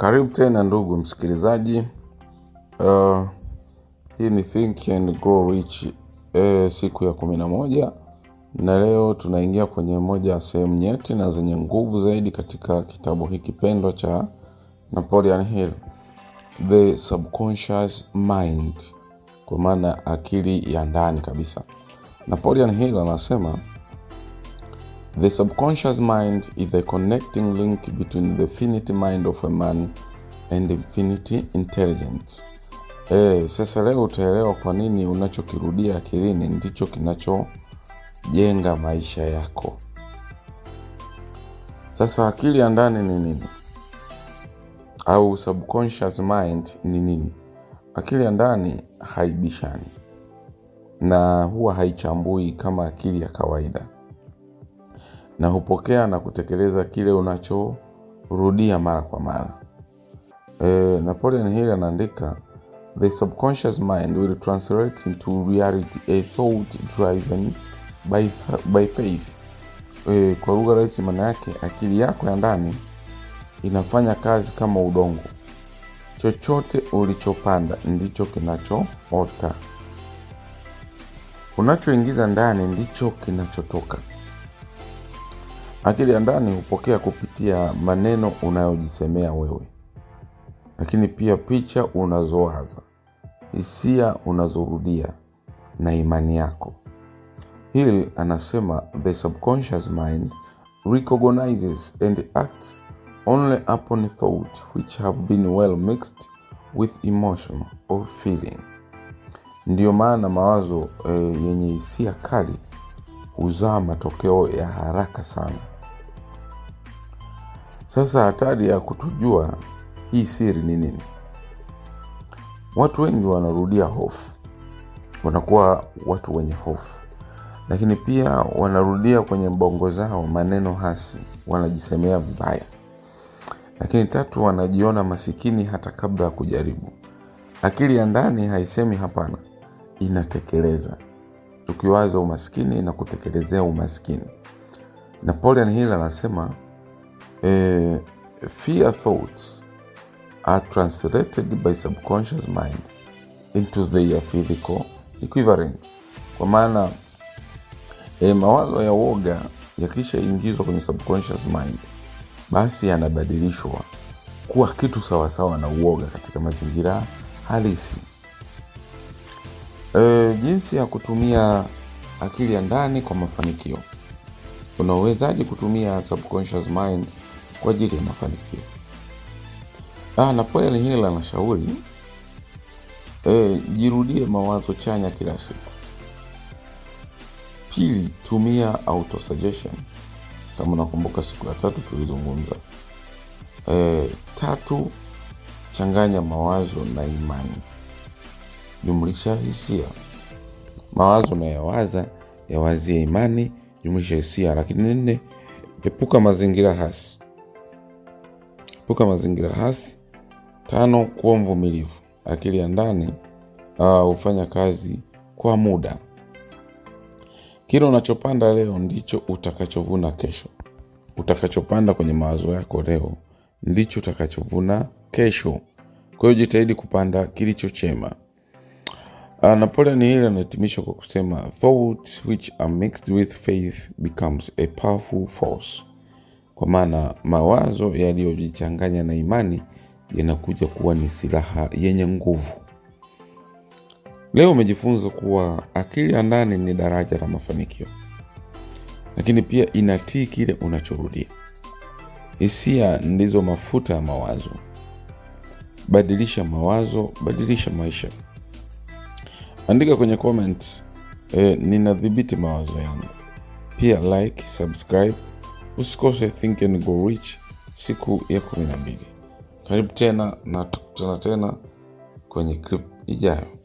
Karibu tena ndugu msikilizaji. Uh, hii ni Think and Grow Rich e, siku ya kumi na moja na leo tunaingia kwenye moja ya sehemu nyeti na zenye nguvu zaidi katika kitabu hiki pendwa cha Napoleon Hill, The Subconscious Mind, kwa maana akili ya ndani kabisa. Napoleon Hill anasema The subconscious mind is the connecting link between the finite mind of a man and the infinite intelligence. Eh, sasa leo utaelewa kwa nini unachokirudia akilini ndicho kinachojenga maisha yako. Sasa akili ya ndani ni nini? Au subconscious mind ni nini? Akili ya ndani haibishani na huwa haichambui kama akili ya kawaida na hupokea na kutekeleza kile unachorudia mara kwa mara. E, Napoleon Hill anaandika the subconscious mind will translate into reality a thought driven by, by faith. E, kwa lugha rahisi maana yake akili yako ya ndani inafanya kazi kama udongo. Chochote ulichopanda ndicho kinachoota. Unachoingiza ndani ndicho kinachotoka. Akili ya ndani hupokea kupitia maneno unayojisemea wewe, lakini pia picha unazowaza, hisia unazorudia na imani yako. Hill anasema the subconscious mind recognizes and acts only upon thought which have been well mixed with emotion or feeling. Ndiyo maana mawazo eh, yenye hisia kali huzaa matokeo ya haraka sana. Sasa hatari ya kutojua hii siri ni nini? Watu wengi wanarudia hofu, wanakuwa watu wenye hofu, lakini pia wanarudia kwenye bongo zao maneno hasi, wanajisemea vibaya. Lakini tatu, wanajiona masikini hata kabla ya kujaribu. Akili ya ndani haisemi hapana, inatekeleza. Tukiwaza umaskini na kutekelezea umaskini. Napoleon Hill anasema Uh, fear thoughts are translated by subconscious mind into their physical equivalent. Kwa maana eh, mawazo ya woga yakishaingizwa kwenye subconscious mind, basi yanabadilishwa kuwa kitu sawasawa na uoga katika mazingira halisi. E, jinsi ya kutumia akili ya ndani kwa mafanikio. unawezaji kutumia subconscious mind kwa ajili ya mafanikio. Ah, na pale hili anashauri e, eh, jirudie mawazo chanya kila siku. Pili, tumia auto suggestion kama nakumbuka siku ya tatu tulizungumza. E, tatu, changanya mawazo na imani, jumlisha hisia. Mawazo unayowaza yawazie imani, jumlisha hisia. Lakini nne, epuka mazingira hasi Epuka mazingira hasi. Tano, kuwa mvumilivu. Akili ya ndani ah, hufanya uh, kazi kwa muda. Kile unachopanda leo ndicho utakachovuna kesho. Utakachopanda kwenye mawazo yako leo ndicho utakachovuna kesho. Kwa hiyo jitahidi kupanda kilicho chema. Uh, Napoleon Hill anahitimisha kwa kusema thoughts which are mixed with faith becomes a powerful force. Kwa maana mawazo yaliyojichanganya na imani yanakuja kuwa ni silaha yenye nguvu. Leo umejifunza kuwa akili ya ndani ni daraja la mafanikio, lakini pia inatii kile unachorudia. Hisia ndizo mafuta ya mawazo. Badilisha mawazo, badilisha maisha. Andika kwenye comment, eh, ninadhibiti mawazo yangu. Pia like, subscribe Usikose Think and Grow Rich siku ya kumi na mbili. Karibu tena na tukutana tena kwenye clip ijayo.